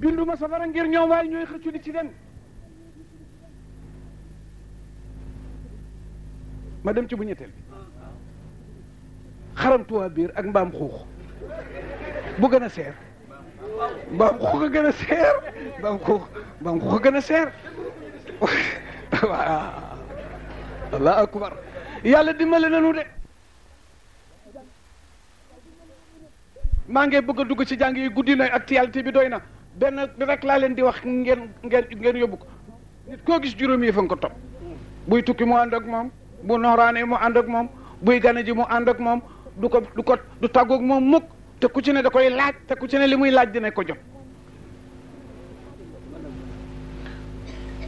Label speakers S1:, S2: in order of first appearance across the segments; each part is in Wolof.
S1: binduma safara ngir ñoom waaye ñooy xëccu nit ci dem ma dem ci bu ñetteel bi xaram tuwaa biir ak mbaam xuux bu gën a seer mbaam xuux a gën a seer mbaam xuux waaw allah akbar yàlla dimbale nanu de maa ngee bëgg a dugg ci jàng yi guddi na actualité bi doy na benn rek laa leen di wax ngeen ngeen ngeen yóbbu ko nit koo gis juróom yi fa nga ko topp buy tukki mu ànd ak moom bu nooraane mu ànd ak moom buy gane ji mu ànd ak moom du ko du ko du tàggoog moom mukk te ku ci ne da koy laaj te ku ne li muy laaj dina ko jot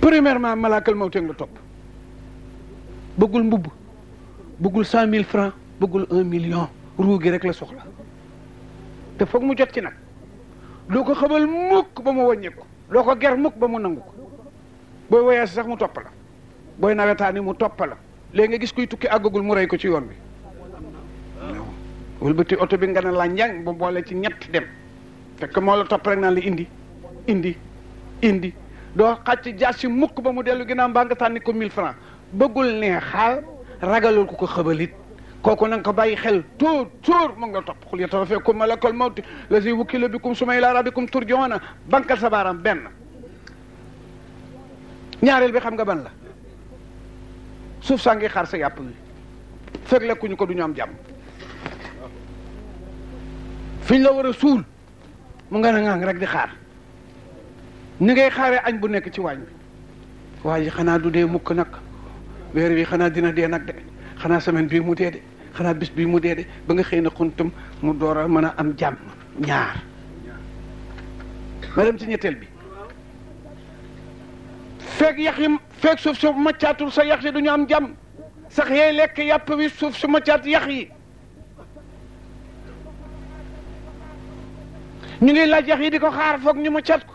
S1: premièrement malaakal mawte nga topp bëggul mbubb bëggul cent mille francs bëggul un million ruu gi rek la soxla te foog mu jot ci nag loo ko xamal mukk ba mu wàññi ko loo ko ger mukk ba mu nangu ko booy voyage sax mu topp la booy nawetaani mu topp la léegi nga gis kuy tukki àggagul mu rey ko ci yoon bi wëlbati oto bi nga ne la njàng ba boole ci ñett dem fekk moo la topp rek naa la indi indi indi doo xàcc jaas si mukk ba mu dellu ginnaaw mbaa nga tànni ko mille francs bëggul neexaal ragalul ku ko xabalit kooku na ko bàyyi xel tuur tuur mu nga topp xul yatawaffakum malakul mawti lazi wukila bikum summa ila rabbikum turjauna bankal sa baaraam benn ñaareel bi xam nga ban la suuf saa ngi xaar sa yàpp wi fekk lekkuñu ko duñu am jàmm fiñ la war a suul mu nga na ngang rek di xaar ni ngay xaaree añ bu nekk ci waañ bi waa xanaa du dee mukk nag weer wi xanaa dina dee nag de xanaa semaine bii mu dee de xanaa bis bii mu dee de ba nga xëy na xuntum mu door a mën a am jàmm ñaar ma dem ci ñetteel bi feeg yax yi feeg suuf su maccaatul sa yax yi du ñu am jàmm sax yey lekk yàpp wi suuf su maccaat yax yi ñu ngi laaj yax yi di ko xaar foog ñu maccaat ko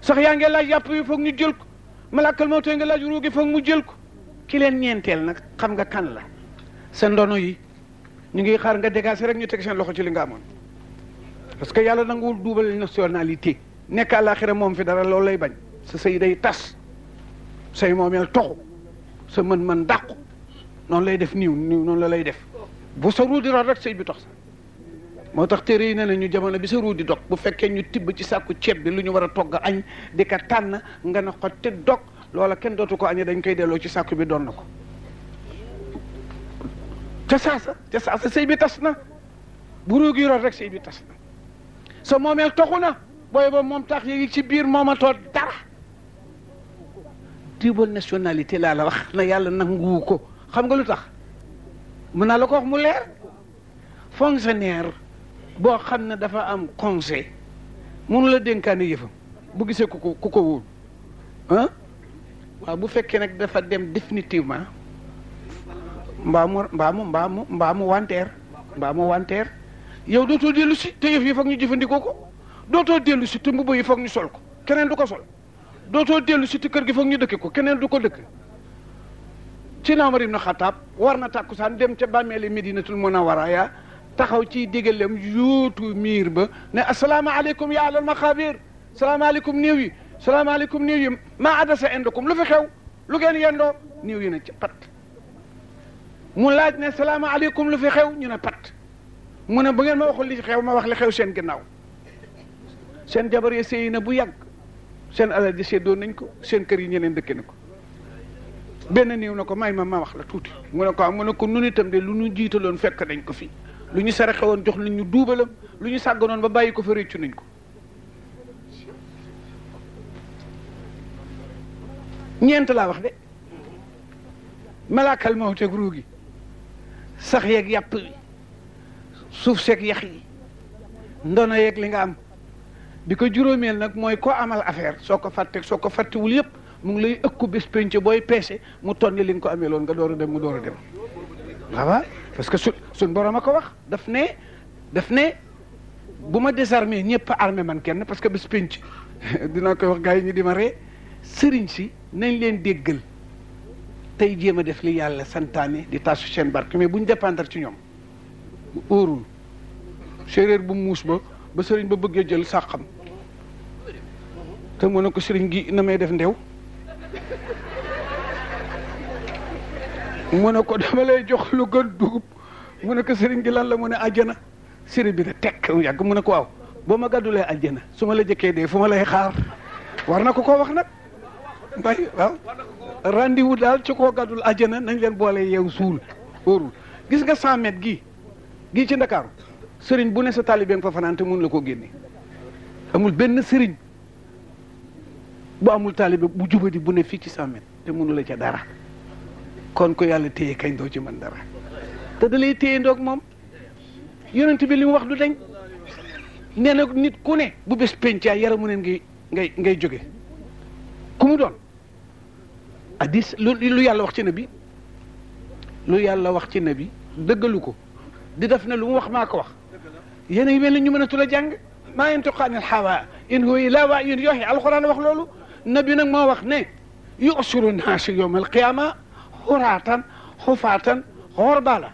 S1: sax yaa ngi laaj yàpp wi foog ñu jël ko malaakal moo tey nga laaj ruu gi foog mu jël ko ki leen ñeenteel nag xam nga kan la sa ndono yi ñu ngi xaar nga dégager rek ñu teg seen loxo ci li nga amoon parce que yàlla nanguwul duubal nationalité nekk àllaaxira moom fi dara loolu lay bañ sa sëy day tas say moomeel toxu sa mën man dàqu noonu lay def niw niw noonu la lay def bu sa ruu di rot rek sëy bi tox sa moo tax téere yi ne ñu jamono bi sa ruu di dog bu fekkee ñu tibb ci sàkku ceeb bi lu ñu war a togg añ di ka tànn nga na te dog loola kenn dootu ko añee dañ koy delloo ci sàkku bi doon na ko ca saasa ca saasa sëy bi tas na bu ruugi root rek sëy bi tas na sa moomeel toxu na booy ba moom tax yéegi ci biir moomatoo dara double nationalité laa la wax na yàlla nangu ko xam nga lu tax mën naa la ko wax mu leer fonctionnaire boo xam ne dafa am conseil mënu la dénkaane yëfam bu gisee ku ko ku ko wóolu ah? waaw bu fekkee nag dafa dem définitivement mbaa mu mbaa mu mbaa mu mbaa mu wanteer mbaa mu wanteer yow dootoo dellu si te yëf yi foog ñu jëfandikoo ko dootoo dellu si te mbubb yi foog ñu sol ko keneen du ko sol dootoo dellu si te kër gi foog ñu dëkk ko keneen du ko dëkk ci Umar ibn Xattaab war na tàkkusaan dem ca bàmmeeli Medinatul a ya taxaw ci digalem yóotu miir ba ne aleykum yaa alal maqaabir salaamaaleykum néew yi salaamaaleykum niiw yi maa adasa indakum lu fi xew lu ngeen yendoo niiw yi ne ci pat mu laaj ne aleykum lu fi xew ñu ne pat mu ne bu ngeen ma waxul li xew ma wax la xew seen ginnaaw seen jabar yi sëy na bu yàgg seen alal ji nañ ko seen kër yi ñeneen dëkke na ko benn niiw na ko may ma ma wax la tuuti mu ne ko mu ne ko nun itam de lu ñu jiitaloon fekk nañ ko fi lu ñu xewoon jox lu ñu duubalam lu ñu sàgganoon ba bàyyi ko fa réccu nañ ko ñeent laa wax de malaakal mawteeg ruu gi sax yeeg yàpp bi suuf seeg yax yi ndono yeeg li nga am bi ko juróomeel nag mooy koo amal affaire soo ko fàtte soo ko fàttewul yëpp mu ngi lay ëkku bés penc booy peese mu tonni li nga ko amee loon nga door a dem mu door a dem ah waaw parce que su suñ borom a ko wax daf ne daf ne bu ma désarmé ñëpp armé man kenn parce que bés penc dinaa koy wax gars yi ñu di ma ree sëriñ si nañ leen déggal tey jéem a def li yàlla santaane di tasu seen barke mais buñ dépendre ci ñoom óorul séeréer bu muus ba ba sëriñ ba bëggee jël sàqam te mu ne ko sëriñ gi na may def ndew mu ne ko dama lay jox lu gën dugub mu ne ko sëriñ gi lan la mu ne àjjana sëriñ bi ne tekk yàgg mu ne ko waaw boo ma gàddulee àjjana su ma la jëkkee dee fu ma lay xaar war na ko koo wax nag bari waaw daal ci ko gàddul àjjana nañ leen boole yeew suul óorul gis nga 100 mètres gii gii ci ndakaaru sëriñ bu ne sa taalibe nga fa fanaan te mun la koo génne amul benn sëriñ bu amul taalibe bu di bu ne fii ci 100 mètres te mënu la ca dara kon ko yàlla téye kañ doo ci man dara te da lay téye ndoog moom yonent bi li mu wax du dañ nee na nit ku ne bu bés penc yaramu neen ngay ngay ngay jóge hadis lu lu yàlla wax ci nabi lu yàlla wax ci nabi dëggalu ko di def ne lu mu wax maa ko wax yéen a ngi mel ni ñu mënatul a jàng maa yantiqu anil hawa in huwa illaa wahyun yuuhaa alxuraan wax loolu nabi nag moo wax ne yuxsharu naasu yawma alqiyaama xuraatan xufaatan xorbaala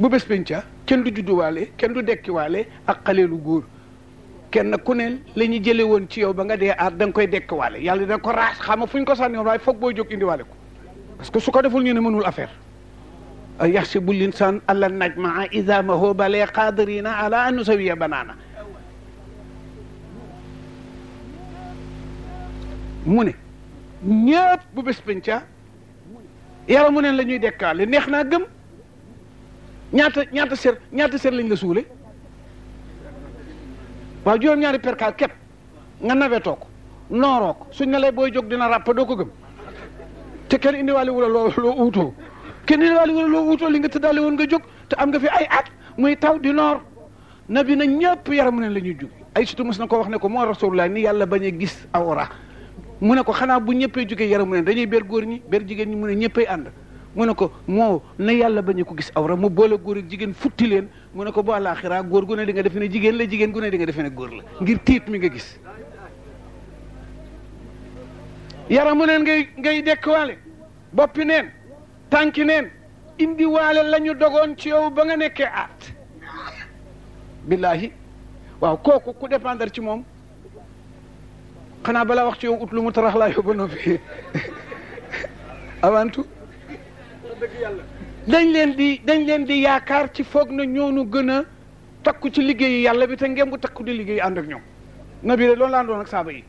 S1: bu bés penca kenn du judduwaale kenn du dekkiwaale ak xaleelu góor kenn ku ne la ñu jële woon ci yow ba nga dee aar da nga koy dekkwaale yàlla dina ko raas xama fu ñu ko sànni woon waaye foog booy jóg indiwaale ko parce que su ko deful ñu ne mënul affaire yaxsibu linsaan alla najmaa idamaho bale qadirina ala an nusawiya banaana mu ne ñëpp bu bés penca yàlla mu ne la ñuy dekkaale neex naa gëm ñaata ñaata ser ñaata ser lañ la suule waa juróom-ñaari perkaal képp nga nawetoo ko nooroo ko suñ ne lay booy jóg dina ràpp doo ko gëm te kenn indiwaale wu la loo loo uutoo kenn indiwaale wu la loo uutoo li nga tëddaale woon nga jóg te am nga fi ay at muy taw di noor nabi na ñëpp yaramu ne la ñuy jóg ay surtout mos na ko wax ne ko moo rasulullah ni yàlla bañ a gis awra mu ne ko xanaa bu ñëppee jógee yaramu ne dañuy ber góor ñi ber jigéen ñi mu ne ñëppay ànd mu ne ko moo na yàlla bañ ko gis awra mu boole góor jigéen futti leen mu ne ko bu àllaaxira góor gu ne di nga defe ne jigéen la jigéen gu ne di nga defe ne góor la ngir tiit mi nga gis yaramu neen ngay ngay dekkwaale boppi neen tànki neen indi waale la ñu dogoon ci yow ba nga nekkee aat billaahi waaw kooku ku dépendre ci moom xanaa balaa wax ci yow ut lu mu tarax laa yóbbu noppi avant dañ leen di dañ leen di yaakaar ci foog na ñoonu gën a takku ci liggéeyu yàlla bi te ngeen bu takku di liggéey ànd ak ñoom nabi de loolu laa doon ak saaba yi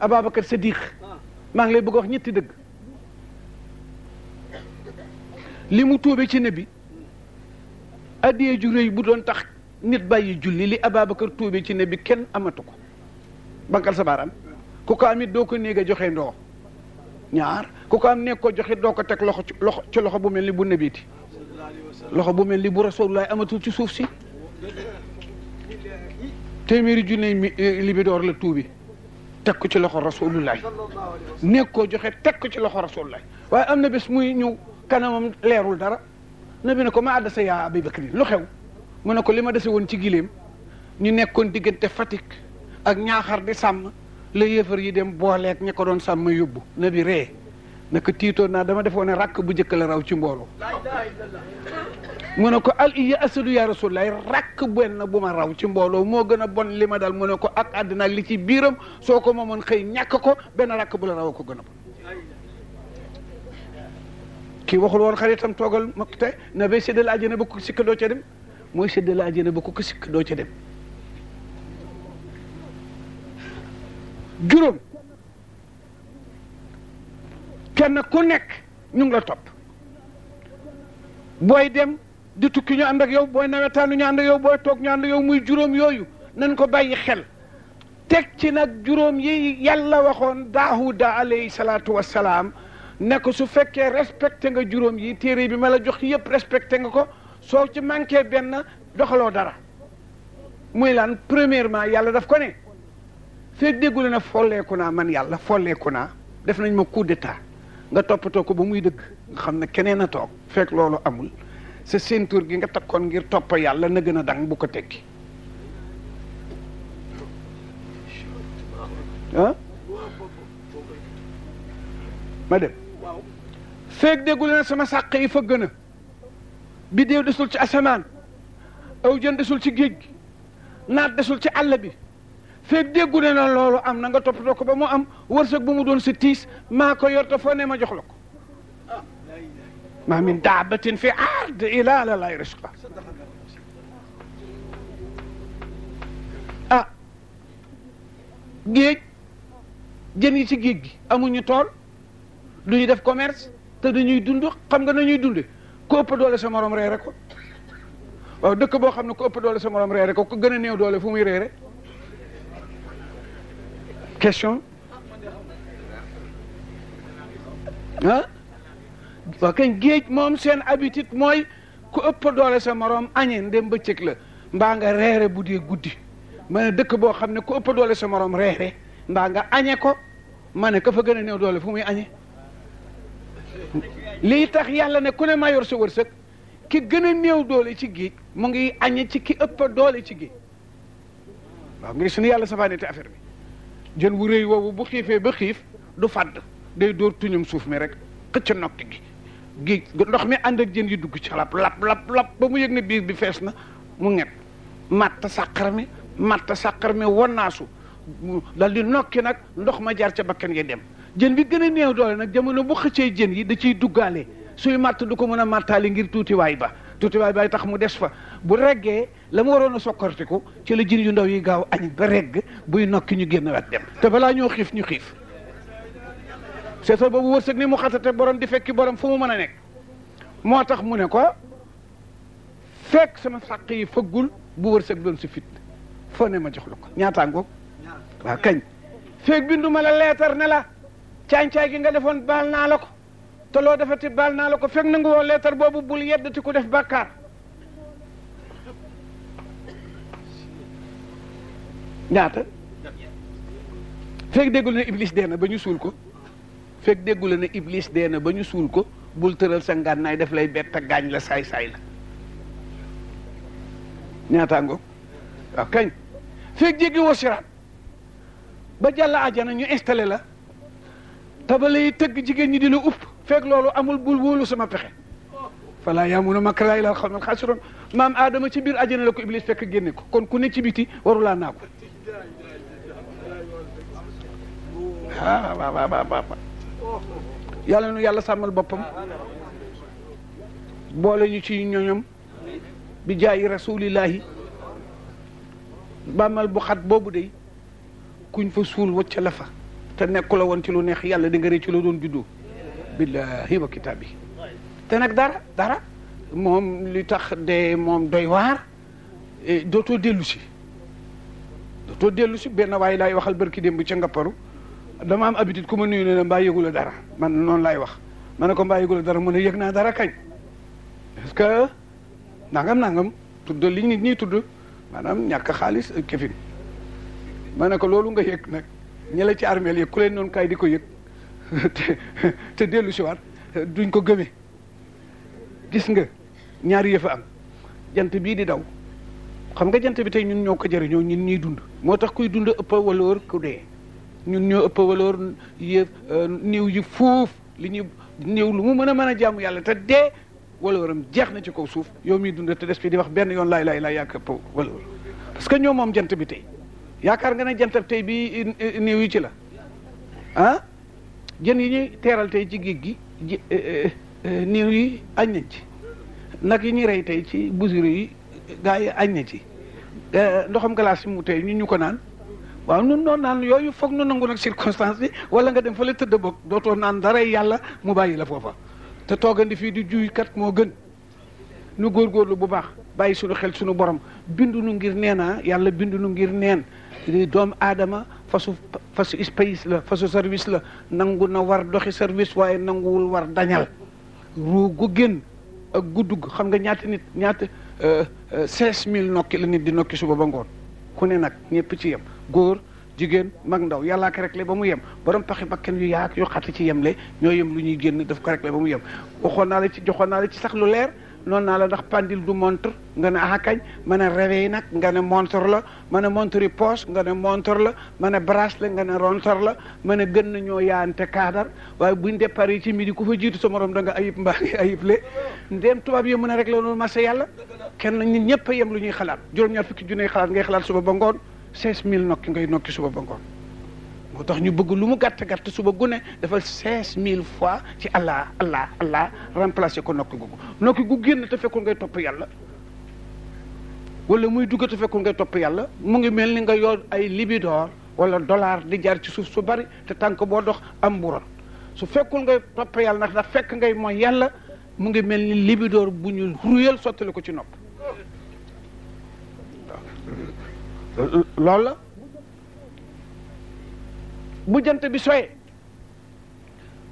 S1: Ababacar Sadiq maa ngi lay bëgg ñetti dëgg li mu tuube ci nabi addiyee ju réy bu doon tax nit bàyyi julli li Ababacar tuube ci nabi kenn amatu ko bankal sa baaraam ku ko amit doo ko néeg a joxe ndoo ñaar ku ko am nekk ko joxe doo ko teg loxo ci loxo ci loxo bu mel ni bu nebiti loxo bu mel ni bu rasulullah amatul ci suuf si téeméeri junne mi eh, libidoor la tuubi teg ko ci loxo rasulullah nekk ko joxe teg ko ci loxo rasulullah waaye am na bés muy ñëw kanamam leerul dara nabi ne ko ma àddasa yaa Abi Bakri lu xew mu ne ko li ma dese woon ci gileem ñu nekkoon diggante Fatick ak ñaaxar di sàmm la yéefar yi dem booleeg ña ko doon sàmm yóbbu na bi ree naka tiitoon naa dama defoon ne rakk bu njëkk la raw ci mbooloo mu ne ko al iya asadu yaa rasulaay rakk benn bu ma raw ci mbooloo moo gën a bon li ma dal mu ne ko ak àddina li ci biiram soo ko moomoon xëy ñàkk ko benn rakk bu la raw ko gën a bon kii waxul woon xaritam toogal ma tey na bay séddale àjjana ba ko sikk doo ca dem mooy séddale àjjana ba ko sikk doo ca dem juróom kenn ku nekk ñu ngi la topp booy dem di tukki ñu ànd ak yow booy nawetaanu ñu ànd ak yow booy toog ñu ànd ak yow muy juróom yooyu nañ ko bàyyi xel teg ci nag juróom yi yàlla waxoon daawuda alayhi salaatu wassalaam ne ko su fekkee respecté nga juróom yi téere bi ma la jox yëpp respecté nga ko soo ci manqué benn doxaloo dara muy lan premièrement yàlla daf ko ne feeg déggu na a folleeku naa man yàlla folleeku naa def nañ ma coup nga toppatoo ko ba muy dëgg nga xam na keneen a toog fekk loolu amul sa ceinture gi nga takkoon ngir topp yàlla na gën a danga bu ko tekki ma dem feeg déggu leen sama sàq yi fa gën a biddéew desul ci asamaan aw jën desul ci géej gi naat desul ci àll bi fekk déggu ne na loolu am na nga toppatoo ko ba mu am wërsëg bu mu doon sa tiis maa ko yor te foo ne ma jox la ko maa min daabatin fi ard ila la lay risqa ah géej jën yi ci géej gi amuñu tool duñu def commerce te dañuy dund xam nga nañuy dunde ko ëpp doole sa morom reere ko waaw dëkk boo xam ne ko ëpp doole sa morom reere ko ko gën a néew doole fu muy reere question ah waa kañ géej moom seen habitude mooy ku ëpp doole sa moroom añee ndem bëccëg la mbaa nga reere bu dee guddi ma dëkk boo xam ne ku ëpp doole sa moroom reere mbaa nga añee ko ma ne ka fa gën a néew doole fu muy añee lii tax yàlla ne ku ne mayor yor sa wërsëg ki gën a néew doole ci géej mu ngi añee ci ki ëpp doole ci géej waaw ngir suñu yàlla sa safaanite affaire bi jën wu rëy woowu bu xiifee ba xiif du fàdd day dóor tuñum suuf mi rek xëcc nokk gi géej ndox mi ànd ak jën yi dugg ci lap lap lap ba mu yëg ne biir bi fees na mu nget matt sàqar mi matt sàqar mi wannaasu dal di nokki nag ndox ma jaar ca bakkan yi dem jën bi gën a néew doole nag jamono bu xëccee jën yi da ciy duggaale suy matt du ko mën a mattaali ngir tuutiwaay ba tuuti tuutiwaay baay tax mu des fa bu reggee la mu waroon a sokkortiku ci la jën yu ndaw yi gaaw añ ba regg buy nokki ñu génn wet dem te balaa ñoo xiif ñu xiif seetal boobu wërsëg ni mu xatate borom di fekki borom fu mu mën a nekk moo tax mu ne ko fekk sama sàq yi fëggul bu wërsëg doon si fit foo ne ma jox la ko ñaataangoog waaw kañ feeg bindu ma la leetar ne la caañ-caay gi nga defoon baal naa la ko te loo defati baal naa la ko fekk nangu woo leetar boobu bul yeddati ku def bàkkaar ñaata fekk déggu na ne iblis dee na ba ñu suul ko fekk déggu la ne iblis dee na ba ñu suul ko bul tëral sa ngànnaay daf lay bett ak gaañ la saay saay la ñaataango waaw kañ fekk jéggi woo ba jàll ajana ñu installé la tabale yi tëgg jigéen ñi dina upp fekk loolu amul bul wóolu sama pexe fala yamuna makra illa al-qawmul khasirun maam Adama ci biir àjjana la ko Iblis fekk génne ko kon ku ne ci biti warulaa naa ko ah, yàlla nu yàlla sàmmal boppam boole ñu ci ñoñom bi jaayi rasulillahi bàmmal bu xat boobu de kuñ fa suul wacca la fa te nekku la woon ci lu neex yàlla di nga rëcc la doon juddoo. billahi wa kitaabi te nag dara dara moom li tax de moom doy waar e, dootoo dellusi si dootoo dellu si benn waay laay waxal barki démb nga ngapparu dama am habitude ku ma nuyu ne mbaa yëgula dara man noonu laay wax ma ne ko mbaa yëgula dara mu ne yëg naa dara kañ parce que nangam nangam tudd li ñuy tudd maanaam ñàkk xaalis ak këfin ne ko loolu nga yëg nag ñi ci armeel yëg ku leen noonu kaay di ko yëg te te dellu siwaat duñ ko gëmee gis nga ñaari yëfa am jant bii di daw xam nga jant bi tey ñun ñoo ko jëriñoo ñun ñuy dund moo tax kuy dund ëpp valeur ku dee ñun ñoo ëpp valeur yëf euh, néew yi fuuf li ñuy néew lu mu mën a mën a jaamu yàlla te dee walooram jeex na ci kaw suuf yow mii dund te des fi di wax benn yoon laay laay laay yàq ëpp valeur parce que ñoo moom jant bi tey yaakaar nga ne jant bi tey bi euh, néew yi ci la ah jën yi ñu teeral tey ci géej gi ji eh, eh, eh, niiw yi añ nañ ci nag yi ñuy rey tey ci busiri yi gaa yi añ na ci ndoxam glace yi mu tey ñu ñu ko naan waaw nun noon naan yooyu foog nu nangu nag circonstance bi wala nga dem fa la tëdd bokk dootoo naan dara yàlla mu bàyyi la foofa te toogandi fii di juykat moo gën nu góor góorlu bu baax bàyyi suñu xel suñu borom bindu nu ngir neenaa yàlla bindu nu ngir neen doomu aadama fasu fasu space la fasu service la nangu na war doxi service waaye nanguwul war dañal ruu gu génn ak gu dugg xam nga ñaata nit ñaata seize euh, euh, mille nokki la nit di nokki suba ba ngoon ku ne nag ñëpp ci yem góor jigéen mag ndaw yàllaa ko réglé ba mu yem borom paxi bakken yu yaak yu xati ci yem le ñoo yem lu ñuy génn daf ko réglé ba mu yem waxoon naa le ci joxoon naa la ci sax lu leer noonu naa la ndax pandil du montre nga ne ah kañ ma ne nag nga ne montre la ma ne montre yi poche nga ne montre la ma ne bracelet nga ne montre la ma ne gën nañoo yaante kaadar waaye buñ départ yi ci midi ku fa jiitu sa morom da nga ayib mbaa ayib le ndéem tubaab yi mën a rek la loolu marché yàlla kenn nit ñëpp a yem lu ñuy xalaat juróom-ñaar fukki junne xalaat ngay xalaat suba ba ngoon 16000 nokki ngay nokki suba ba ngoon moo tax ñu bëgg lu mu gàtt gàtt suba gune dafa seize mille fois ci allah allah allah remplacé ko nokki gugu gu génn te fekkul ngay topp yàlla wala muy dugg te fekkul ngay topp yàlla mu ngi mel ni nga yor ay libidoor wala dollar di jaar ci suuf su bari te tànk boo dox am buron su fekkul ngay topp yàlla ndax dafa fekk ngay mooy yàlla mu ngi mel ni libidoor bu ñu ruyal sottali ko ci nopp loolu bu jant bi soyee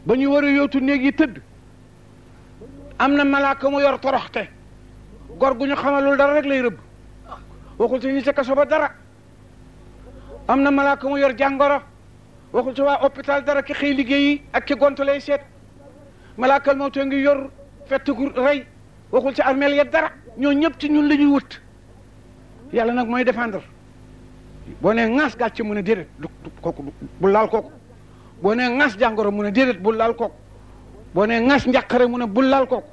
S1: ba ñu war a yootu néeg yi tëdd am na malaaka mu yor toroxte gor gu ñu xamalul dara rek lay rëbb waxul ci ñi ca kaso ba dara am na malaaka mu yor jàngoro waxul ci waa hôpital dara ki xëy liggéeyi ak ki gont lay seet malaakal mawtoo ngi yor fett gu rey waxul ci armeel ya dara ñoo ñëpp ci ñun la ñuy wut yàlla nag mooy défendre boo nee ŋaas gàcce mu ne déedéet du kooku bu laal kooku boo nee ŋaas jàngoro mu ne déedéet bu laal kooku boo nee ŋaas njàqare mu ne bu laal kooku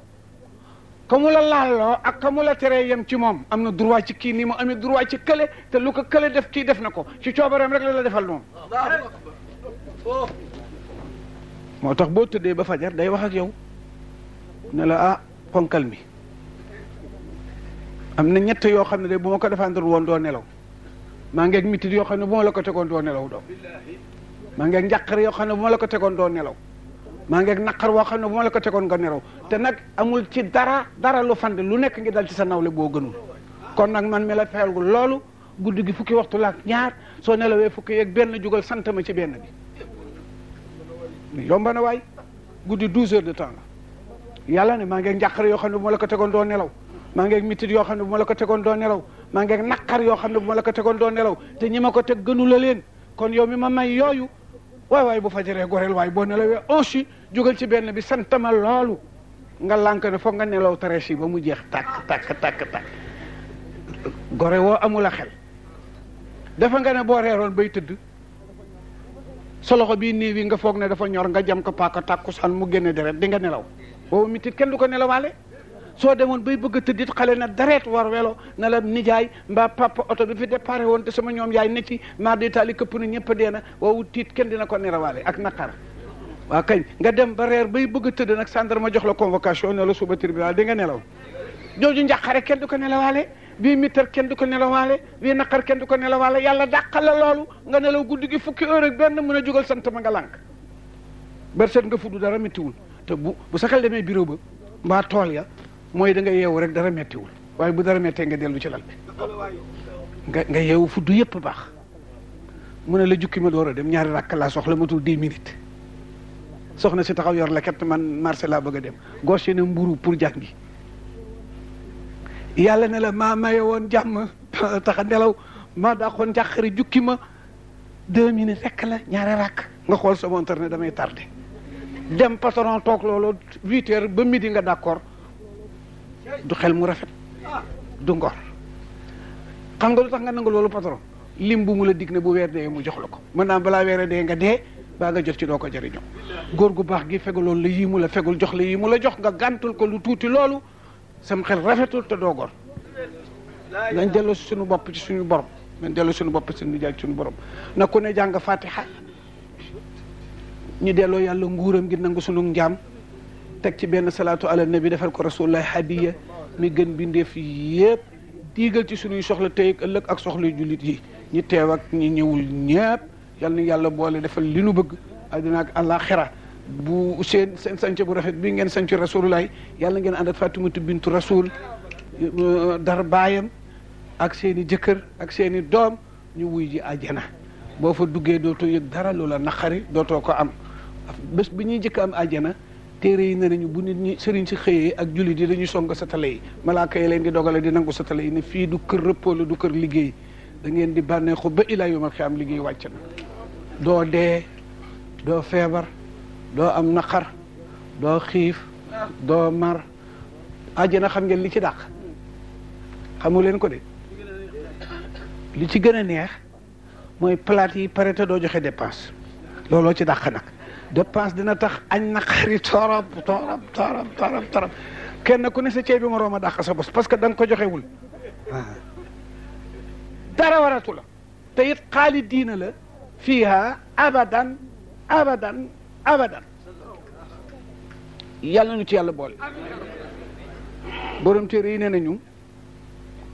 S1: ka mu la laalloo ak ka mu la teree yem ci moom am na droit ci kii nii mu amee droit ci kële te lu ko kële def kii def na ko ci coobareem rek la la defal moom moo tax boo tëddee ba fajar day wax ak yow ne la ah ponkal mi am na ñett yoo xam ne de bu ma ko defandul woon doo nelaw maa ngeeg mitit yoo xam ne bu ma la ko tegoon doo nelaw maa ngeeg njàqar yoo xam ne bu ma la ko tegoon doo nelaw maa ngeek naqar woo xam ne bu la ko tegoon nga nelaw te nag ci dara dara lu fande lu nekk ngi dal ci sa nawle boo gënul kon nag man mi la loolu guddi gi fukki waxtu la ñaar soo nelawee fukki yeeg benn jugal sant ma ci benn bi yomba na guddi douze heures de temps la ne maa ngeeg yoo xam ne bu ko tegoon doo nelaw maa ngeeg mitit yoo xam ne bu ma la ko tegoon doo nelaw maa ngi naqar yoo xam ne bu ma la ko tegoon doo nelaw te ñi ma ko teg gënu la leen kon yow mi ma may yooyu waaye waay bu fajaree goreel waaye boo nelawee onsi jógal ci benn bi santama loolu nga lànk ne foog nga nelaw tarees yi ba mu jeex tàkk tàkk tàkk tàkk gore woo amul a xel dafa nga ne boo reeroon bay tëdd sa loxo bii nii wi nga foog ne dafa ñor nga jam ko paaka tàkkusaan mu génne deret di nga nelaw boobu mitit kenn du ko nelawaale soo demoon bay bëgg a tëddit xale na dareet war welo na la nijaay mbaa papa oto bi fi déparé woon te sama ñoom yaay ne ci maar di taali këpp na ñëpp dee na woowu tiit kenn dina ko nerawaale ak naqar waa kañ nga dem ba reer bay bëgg a tëdd nag ma jox la convocation ne la suba tribunal di nga nelaw jooju njaqare kenn du ko nelawaale bii mitar kenn du ko nelawaale bii naqar kenn du ko nelawaale yàlla dàqal la loolu nga nelaw guddi gi fukki benn mën a jógal sant ma nga nga fudd dara méttiwul te bu bu sakal demee bureau ba mbaa tool ya mooy da yeewu rek dara mettiwul waaye bu dara mettee nga dellu ci lal bi nga nga yeewu fudd yépp baax mu ne la jukki ma door a dem ñaari rakk laa soxla matul dix minutes soxna si taxaw yor la ket man marché laa bëgg a dem goshe ne mburu pour jàngi yàlla ne la maa maye woon jàmm taxa nelaw maa dàqoon jàqari jukki ma deux minutes rek la ñaari rakk nga xool sa montar ne damay tardé dem patron toog loolu huit heures ba midi nga d'accord du xel mu rafet du ngor xam nga lu tax nga nangu loolu patron lim bu mu la dig ne bu weer dee mu jox la ko mën naa balaa weer dee nga dee baa nga jox ci doo ko jariñoo góor gu baax gi fegaloon la yii mu la fegul jox la yii mu la jox nga gàntul ko lu tuuti loolu sam xel rafetul te doo gor nañ delloo si suñu bopp ci suñu borom nañ delloo suñu bopp ci suñu jaaj suñu borom na ku ne jàng fatiha ñu delloo yàlla nguuram ngir nangu suñu njaam teg ci benn salaatu ala nabi defal ko rasulullahi hadiya mi gën bindeef yépp diigal ci suñuy soxla tey ëllëg ak soxla jullit yi ñi teew ak ñi ñëwul ñépp yal na yàlla boole defal li nu bëgg àddina ak àllaaxira bu seen seen sanc bu rafet bi ngeen sañc rasulullahi yàlla ngeen ànd ak Fatimatu bintu rasul euh, dara baayam ak seeni jëkkër ak seeni doom ñu wuy ji àjjana boo fa duggee dootoo yëg dara loola naqari dootoo ko am bés bi ñuy jëkk am àjjana téere yi ne bu nit ñi sëriñ si xëyee ak jullit yi dañuy song sa tale yi malaaka yi leen di dogale di nangu sa tale yi ne fii du kër repos la du kër liggéey da ngeen di bànneexu ba ilaa yomal xiyaam liggéey wàcc na doo dee doo feebar doo am naqar doo xiif doo mar àjjana xam ngeen li ci dàq xamu leen ko de li ci gën a neex mooy palaat yi pare te doo joxe dépense looloo ci dàq nag dépense dina tax añ na xari torop torop torop torop torop kenn ku ne sa ceebi bi a rooma dàq sa bos parce que da ko joxewul wul ah. waratu la te it xaali diina la fiiha abadan abadan abadan yàlla nu ci yàlla boole borom téere yi nee nañu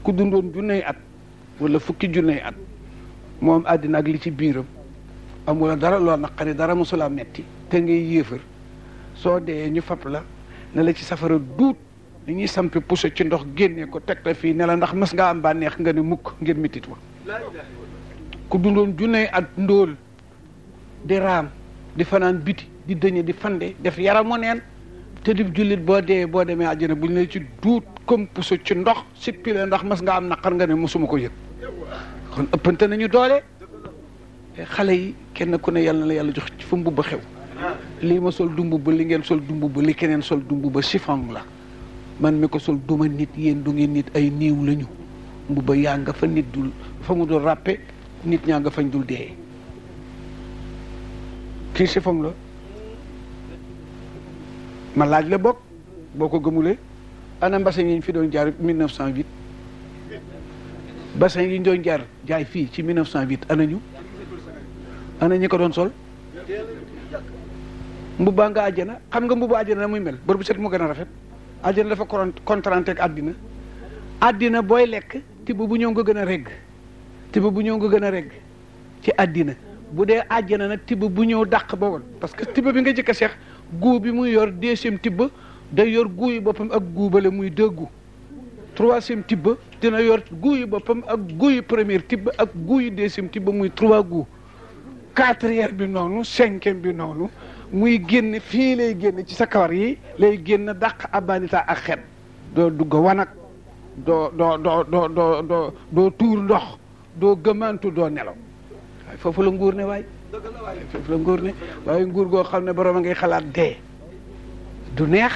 S1: ku dundoon junney at wala fukki junney at moom àddina ak li ci biiram amula dara loo naqari dara mosulaa metti te ngay yéefar soo dee ñu fab la ne la ci safara duut li ñuy sampi puso ci ndox génnee ko teg fii nela ndax mës ngaa bànneex nga ne mukk ngir mitit wa ku dundoon junne at di fanaan biti di dëñe di fande def yaramu neen te di jullit boo dee boo demee àjjana buñ la ci duut comme ci ndox sippi ndax mës nga am naqar nga ne mësuma ko yëg kon ëppante nañu doole xale yi kenn ku ne yàlla la yàlla jox ci fa mbubb xew lii ma sol dumb ba li ngeen sol dumb ba keneen sol dumb ba chiffon la man mi ko sol duma nit yéen du ngeen nit ay néew lañu mbubb yaa nga fa nit dul fa mu dul ràppe nit ñaa nga fañ dul dee kii chiffon la ma laaj la bokk boo ko gëmulee ana mbasin yi fi doon jaar 1908 bassin yi ñu doon jaar jaay fii ci 1908 ana ñu ana ñi ko doon sol mbubbaa nga àjjana xam nga mbubba àjjana muy mel bër bu set mu gën a rafet àjjana dafa contranté ak àddina àddina booy lekk tibb bu ñëw nga gën a regg tibb bu ñëw nga gën a regg ci àddina bu dee àjjana nag tibb bu ñëw dàq ba woon parce que tibb bi nga jëkk a seex guu bi muy yor deuxième tibb day yor guu yi boppam ak guubale muy deux gu troisième tibb dina yor guu yu boppam ak guu yu première tibb ak guu yu deuxième tibb muy trois gu quatrième bi noonu cinquième bi noonu muy génn fii lay génn ci sa kawar yi lay génn dàq abanita ak xet doo dugg wanag doo doo doo doo tuur ndox doo gëmantu doo nelaw foofu la nguur ne waay nguur ne waaye nguur goo xam ne borom a ngay xalaat dee du neex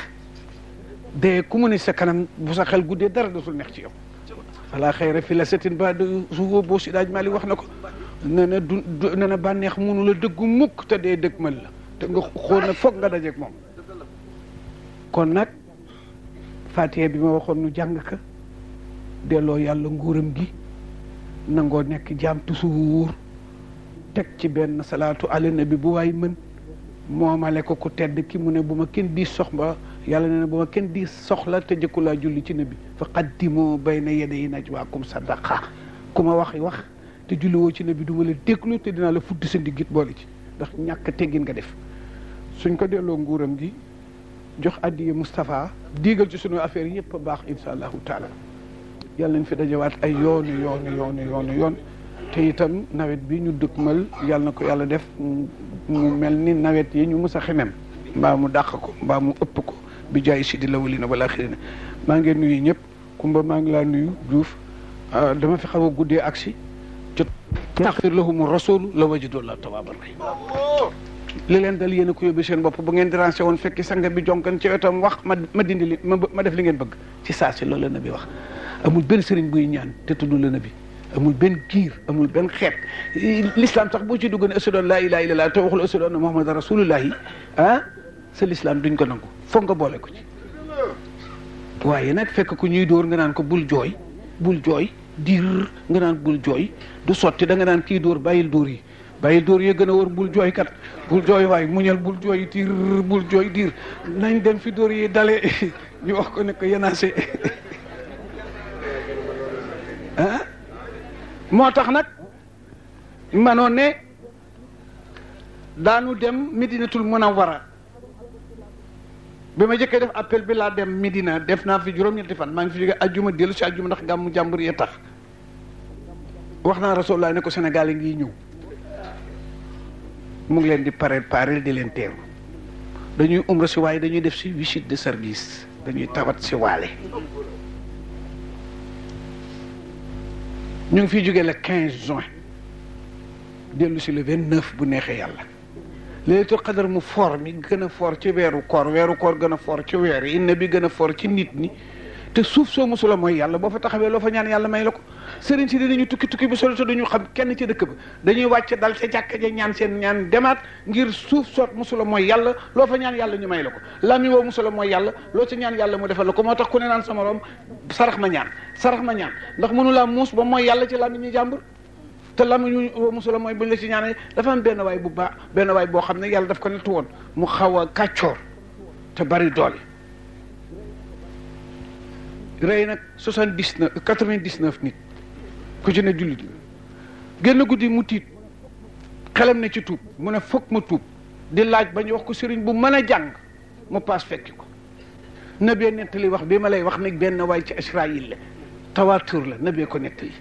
S1: dee ku mu ne sa kanam bu sa xel guddee dara dootul neex ci yow. wala xëy fi la setin ba du su boo si daaj Mali wax na ko ne du ne bànneex mënu la dëggu mukk te dee dëgmal la te nga xool na foog nga dajeeg moom kon nag fàtte bi ma waxoon nu jàng ka delloo yàlla nguuram gi nangoo nekk jaam tusuwuur teg ci benn salaatu ala nabi bu waaye mën moomale ko ku tedd ki mu ne bu ma kenn di soxla yàlla ne ne bu ma kenn di soxla te jëkkulaa julli ci nabi fa qaddimu bayna yaday najwaakum sadaqa ku ma waxi wax te julliwoo ci nabi bi ma la déglu te dinaa la fudd di ndiggit boole ci ndax ñàkk teggin nga def suñ ko delloo nguuram gi jox addiye mustafaa diigal ci sunu affaire yëpp a baax insha allahu taala yàlla nañ fi dajawaat ay yoonu yoonu yoonu yoonu yoon te itam nawet bi ñu dëkkmal yàlla na ko yàlla def mu mel ni nawet yi ñu mës a xemem mbaa mu dàq ko mbaa mu ëpp ko bi jaay si di lawali na wala xiri na maa ngeen nuyu ñëpp kumba maa ngi laa nuyu juuf ah, dama fi xaw a guddee agsi yaxfir lahumu rasulu la wajidullah tawaaban li leen dal yéen a ko yóbbee seen bopp bu ngeen dérangé woon fekki sanga bi jonkan ci wetam wax ma ma dindi li ma def li ngeen bëgg ci saa si loolu la nabi wax amul benn sëriñ buy ñaan te tudd la nabi amul benn giir amul benn xeet l'islam sax boo ci dugg ne ashadu an laa ilaaha illallah te waxul ashadu anna muhammadan rasulullahi ah sa l'islam duñ ko nangu foog nga boole ko ci waaye nag fekk ku ñuy dóor nga naan ko bul jooy bul jooy diir nga naan bul jooy du sotti da nga naan kii dóor bàyyil dóor yi bàyyil dóor yee gën a wër bul jooy kat bul jooy waay muñal bul jooy diir bul jooy diir nañ dem fi dóor yi dale ñu wax ko ne ko yenaase ah? moo tax nag manoon ne daanu dem Medinatul Munawwara bi ma jëkkee def appel bi laa dem Medina def naa fi juróom-ñetti fan maa ngi fi jóge ajjuma dellu si ajjuma ndax gàmmu jàmbur yee tax wax naa Rasulullah ne ko Sénégal yi ñëw mu ngi leen di pare parel di leen teeru dañuy umra si waaye dañuy def si visite de service dañuy tawat si waale ñu ngi fiy jóge la 15 juin dellu si le 29 bu neexee yàlla laylatul qadar mu for mi gën a for ci weeru koor weeru koor gën a for ci weer yi inna bi gën a for ci nit ñi te suuf soo mosula mooy yàlla boo fa taxawee loo fa ñaan yàlla may la ko sëriñ si dinañu tukki tukki bi solo te duñu xam kenn ci dëkk ba dañuy wàcc dal ca jàkka ja ñaan seen ñaan demaat ngir suuf mosula mooy yàlla loo fa yàlla ñu may la ko lami woo mosula mooy yàlla loo ci ñaan yàlla mu defal la ko moo tax ku ne naan sama morom sarax ma ñaan sarax ma ñaan ndax mënu laa muus ba mooy yàlla ci lami ñu jàmbur te lam ñu mosula mooy buñ la ci ñaanee dafa am benn waay bu baax benn waay boo xam ne yàlla daf ko nettu woon mu xaw a kàccoor te bari doole rey nag soixante dix neuf quatre vingt nit ku ci ne jullit la génn guddi mu tiit xelam ne ci tuub mu ne foog ma tuub di laaj ba ñu wax ko sëriñ bu mën a jàng mu paas fekki ko na bee nettali wax bi ma lay wax nag benn waay ci Israël la tawaatur la na bee ko nettali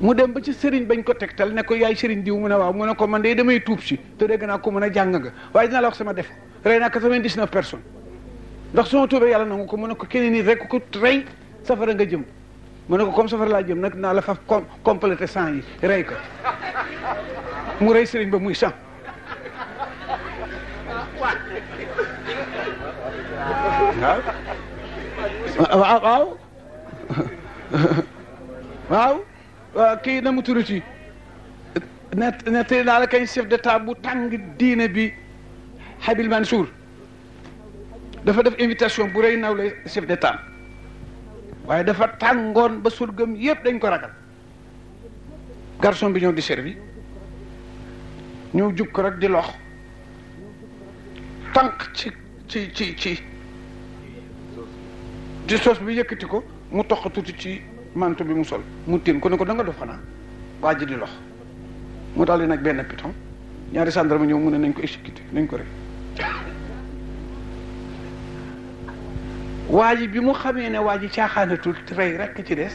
S1: mu dem ba ci sëriñ bañ ko tegtal ne ko yaay sëriñ diw mu ne waaw mu ne ko man de demay tuub si te dégg naa ko mën a jàng nga waaye dinaa la wax sama def rey naa quatre-vingt-dix-neuf personnes ndax su ma tuubee yàlla nangu ko mu a ko keneen nit rek ko rey safara nga jëm mu ne ko comme safara laa jëm nag naa la fa complété sang yi rey ko mu rey sëriñ ba muy sang waaw waaw Euh, ki na mu turuti net daal naa la kañ chef d'état bu tàng diine bi Habil Mansour dafa def invitation bu rey naw la de d'état waaye dafa tàngoon ba surgam yëpp dañ ko ragal garçon bi ñëw di servi ñoo jub ko rek di lox tànk ci ci ci ci ci sos bi yëkkati ko mu toq tuuti ci mantu bi mu sol mu tiim ko ne ko danga nga dof xanaa waa ji di lox mu daal di nag benn piton ñaari gendarme ñëw mu ne nañ ko exécuté nañ ko rek waa ji bi mu xamee ne waa ji caaxaanatul rey rek ci des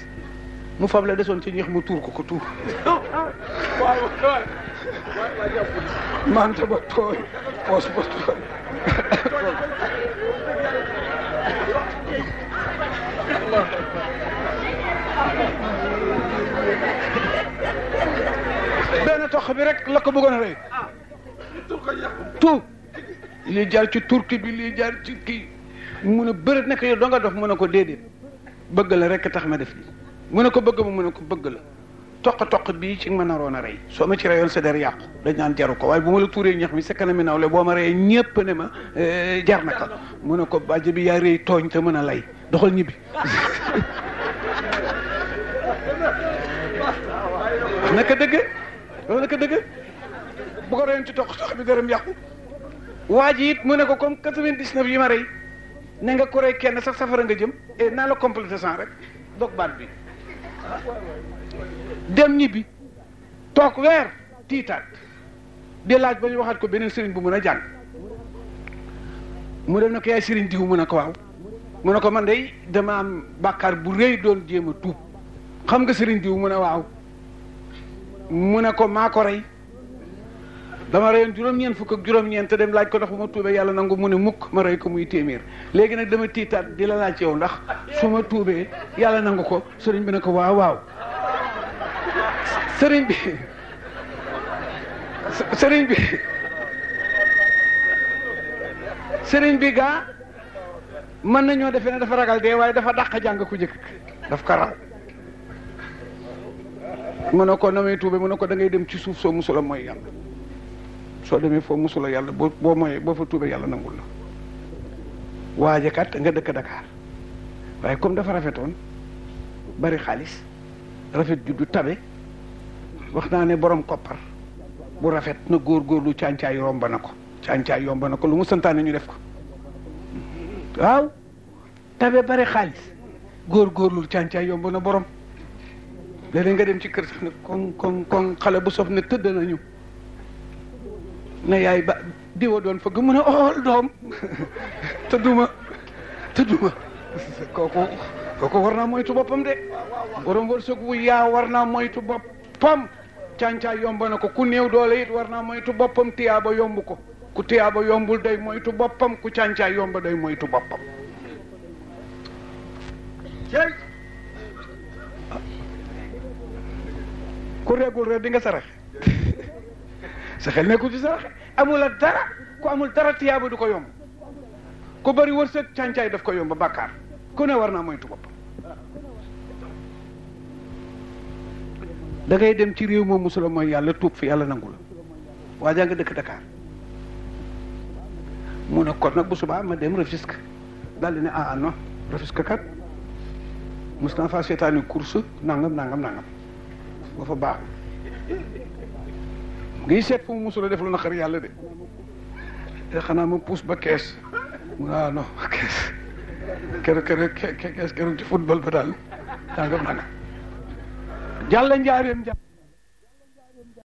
S1: mu fab la desoon ci ñeex ma tuur ko ko tuur mante ba tooy benn toq bi rek la ko bëggoon a rey tout lii jaar ci turki bi lii jar ci kii mun a bëri nekk yow doo nga mun a ko déedéet bëgg la rek tax ma def lii mun a ko bëgg ma mun a ko bëgg la toq-toq bii ci ma naroon a rey soo ma ci reyoon sa der yàqu dañ naan jaru ko waaye bu ma la tuuree ñax mi sa kanam mi nawle boo ma reyee ñëpp ne ma eh, jar na ko mun a ko bàjj bi yaa rëy tooñ te mën a lay doxal ñibbi naka dëgg loolu nag dëgg bu ko doon ci toq toq bi dërëm yàqu waa ji mu ne ko comme quatre-vingt-dix-neuf yi ma rey ne nga ko rey kenn sax safara nga jëm eh, naa la complété rek dog baat bi dem ñibbi toog weer tiitaat di laaj ba ñu waxaat ko beneen sëriñ bu mën a jàng mu dem ne ko yaay sëriñ diw mu ne ko waaw mu ne ko man day dama am bàkkaar bu rëy doon jéem tuub xam nga sëriñ diw mu ne waaw mu ne ko maa ko rey dama reyoon juróom-ñeent fukk ak juróom-ñeent te dem laaj ko ndax bu ma tuubee yàlla nangu mu ne mukk ma rey ko muy téeméer léegi nag dama tiitaat di la laaj yow ndax su ma tuubee yàlla nangu ko sëriñ bi ne ko waaw waaw sëriñ bi sëriñ bi sëriñ bi gaa mën nañoo defee ne dafa ragal dee waaye dafa dàq jàng ku jëkk daf ko raw mu ne ko na muy tuube mu ne ko da dem ci suuf soo musula mooy yàlla soo demee foo musula yàlla boo boo mooyee boo fa tuube yàlla nangul la waaje kat nga dëkk Dakar waaye comme dafa rafetoon bari xaalis rafet juddu tabe wax naa ne borom koppar bu rafet na góor góorgóorlu càncaay yomb na ko càncaay yomb na ko lu mu santaane ñu def ko waaw tabe bari xaalis góorgóorlu càncaay yomb na borom léeg nga dem ci kër sax ne kon kon xale bu sob ne tëdd nañu ne yaay ba diwa doon fëgg mu ool oh, doom tëdduma tëdduma kooku kooku war naa moytu boppam de borom wërsëg wu yaa war naa moytu boppam càncaa yomb na ko ku néew doole it war naa moytu boppam tiyaaba yomb ko ku tiyaaba yombul day moytu boppam ku càncaa yomb day moytu boppam ku reegul reer di nga sarax sa xel nekkul ci sarax amul ak dara ku amul dara tiyaaba du ko yomb ku bëri wërsëg càncaay daf ko yomb bàkkaar ku ne war naa moytu bopp da ngay dem ci réew moom musula mooy yàlla tuub fi yàlla nangu la waa jaa dëkk Dakar mu ne kon nag bu subaa ma dem Rufisque daal di ne ah, ah non Rufisque kat mos naa faa seetaani course nangam nangam nangam ba fa baax mu ngi seet fu mu musul a def lu naqar yàlla de te eh, xanaa ma puus ba kees mu ne ah non kees keroog keroog kees keroog ci football ba daal daa nga mën a jàll njaareem jàll